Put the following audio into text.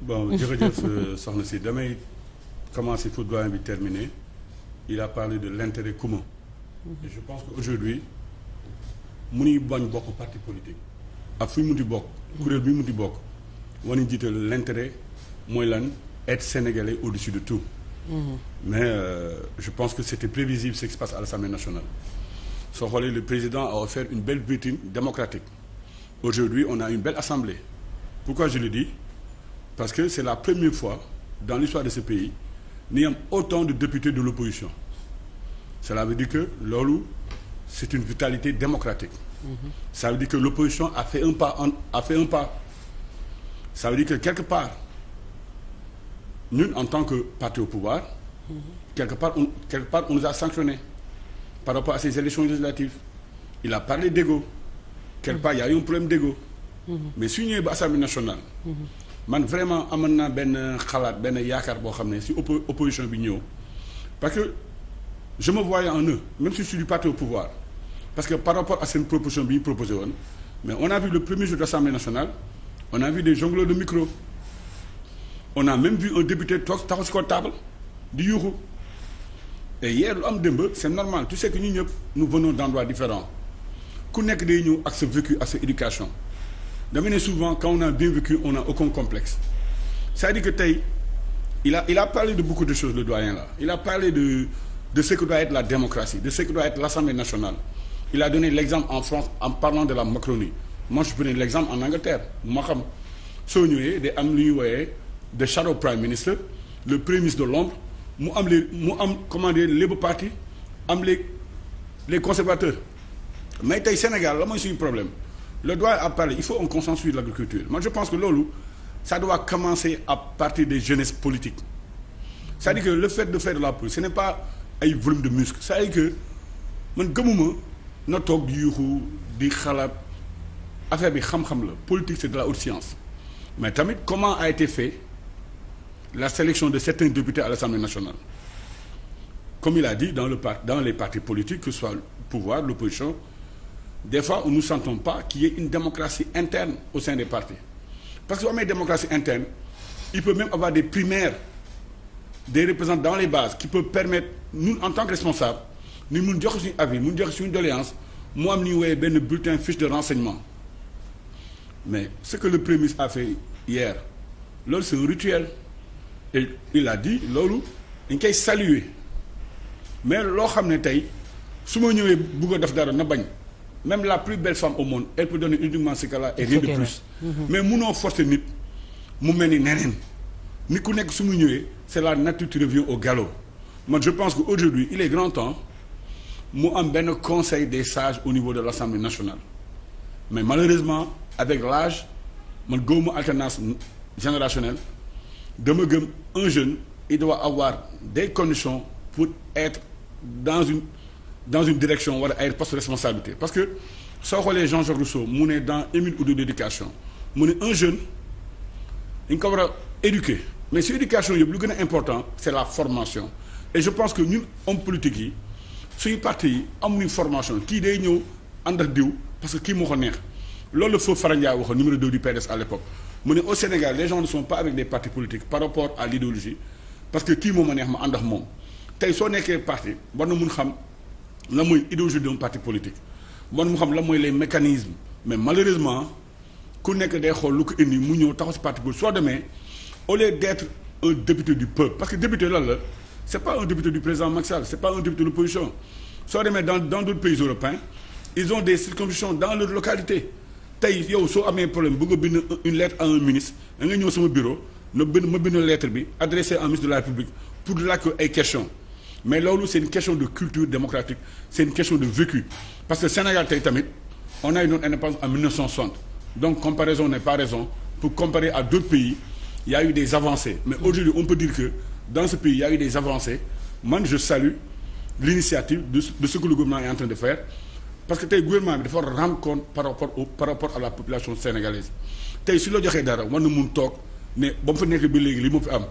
bon jërëjëf euh, soxna si damay commencer fu doyen bi terminer il a parlé de l'intérêt commun mhm. et je pense que aujourd'hui mu nuy bañ bokk parti politique ak fu mu di bokk kuréel bi mu di bokk war nañ jiital l'intérêt mooy lan être sénégalais au-dessus de tout mhm. mais euh, je pense que c'était prévisible ce qui se passe à l'Assemblée nationale soo xoolee le président a offert une belle vitrine démocratique aujourd'hui on a une belle assemblée pourquoi je le dis parce que c'est la première fois dans l'histoire de ce pays ni am autant de députés de l'opposition cela veut dire que loolu c'est une vitalité démocratique mhm. ça veut dire que l'opposition a fait un pas en, a fait un pas ça veut dire que quelque part ñun en tant que parti au pouvoir mhm. quelque part on quelque part on nous a sanctionné par rapport à ces élections législatives il a parlé d'ego quelque mhm. part il y a eu un problème d'ego mais su ñëwee Assemblée nationale man vraiment amoon naa benn xalaat benn yaakaar boo xam ne si oppo opposition bi ñëw parce que je me voyais en eux même si je du parti au pouvoir parce que par rapport à seen proposition bi ñu proposé woon mais on a vu le premier jour de l'Assemblée nationale on a vu des jongleurs de micro on a même vu un député toog taxaw si ko table di yuuxu et hier lu am démb c'est normal tu sais que ñu ñëpp nous venons d'endroits différents ku nekk day ñëw ak sa vécu ak dama ne souvent quand on a bien vécu on n'a aucun complexe c'est-à-dire que tey il a il a parlé de beaucoup de choses le doyen là il a parlé de de ce que doit être la démocratie de ce que doit être l'Assemblée nationale il a donné l'exemple en France en parlant de la Macronie moi je l'exemple en Angleterre ma xam soo ñëwee de am lu ñuy wooyee de shadow prime ministre le premier ministre de l'ombre mu am les mu am comment dire Labour Party am les les conservateurs mais tey Sénégal suñu problème le doigt à parler il faut un consensus de l'agriculture man je pense que loolu ça doit commencer à partir des jeunesses politiques c'est-à-dire que le fait de faire de la politique ce n'est pas ay volume de muscle c'est-à-dire que man gëmuma na toog di yuuxu di xalaat affaire bi xam-xam la politique c'est de la haute science mais tamit comment a été fait la sélection de certains députés à l'Assemblée nationale comme il a dit dans dans les partis politiques que ce soit le des fois où nous ne sentons pas qu'il y ait une démocratie interne au sein des partis parce que bu amee démocratie interne il peut même avoir des primaires des représentants dans les bases qui peuvent permettre nous en tant que responsable ñu mun joxe suñu avis mun joxe suñu doléance moo am ni ñu wooyee benn bulletin fiche de renseignement mais ce que le premier ministre a fait hier loolu c'est un rituel il a dit loolu dañ koy saluer mais loo xam ne tey su ma ñëwee bugg a def dara na bañ. même la plus belle femme au monde elle peut donner uniquement ce qu'elle a et rien de plus mhm. mais munoo forcer nit mu mel ni neneen ni ku nekk su mu ñëwee c'est la nature qui revient au galop man je pense que aujourd'hui il est grand temps mu am benn conseil des sages au niveau de l'Assemblée nationale mais malheureusement avec l'âge man góomu alternance générationnelle dama gëm un jeune il doit avoir des conditions pour être dans une dans une direction a ay poste responsabilité parce que soo xoolee Jean-Jacques Rousseau mu ne dans une minute ou deux d'éducation mu ne un jeune dañ ko war a éduquer mais si éducation yëpp lu gën a important c'est la formation et je pense que ñun homme politique yi suñu parti yi amuñu formation kii day ñëw ànd ak diw parce que kii moo ko neex loolu la foofu Fara Ndiaye waxoon numéro 2 du PDS à l'époque mu ne au Sénégal les gens ne sont pas avec par rapport à parce que kii moo ma neex ma ànd ak moom tey soo nekkee parti war na mun xam la mooy idéologie d'un parti politique man mu xam la mooy les mécanisme mais malheureusement ku nekk day xool lu ko indi mu ñëw taxaw si parti politique soo demee au lieu d'être un député du peuple parce que député lan la c'est pas un député du président Macky Sall c'est pas un député de l'opposition soo demee dans d'autres pays européens ils ont des circonscriptions dans leur localité tey yow soo amee problème bëgg a bind une lettre à un ministre da ñëw sama bureau na ma bind lettre bi adressée à un la République pour laaj ko ay questions mais loolu c'est une question de culture démocratique c'est une question de vécu parce que Sénégal tey tamit on a eu notre indépendance en 1960 donc comparaison n'est pas raison pour comparer à d'autres pays il y a eu des avancées mais aujourd'hui on peut dire que dans ce pays il y a eu des avancées man je salue l'initiative de ce que le gouvernement est en train de faire parce que tey gouvernement bi dafa war a rendre compte par rapport au par rapport à la population sénégalaise tey su la joxee dara war na mun toog ne ba mu fa nekk ba léegi li mu am.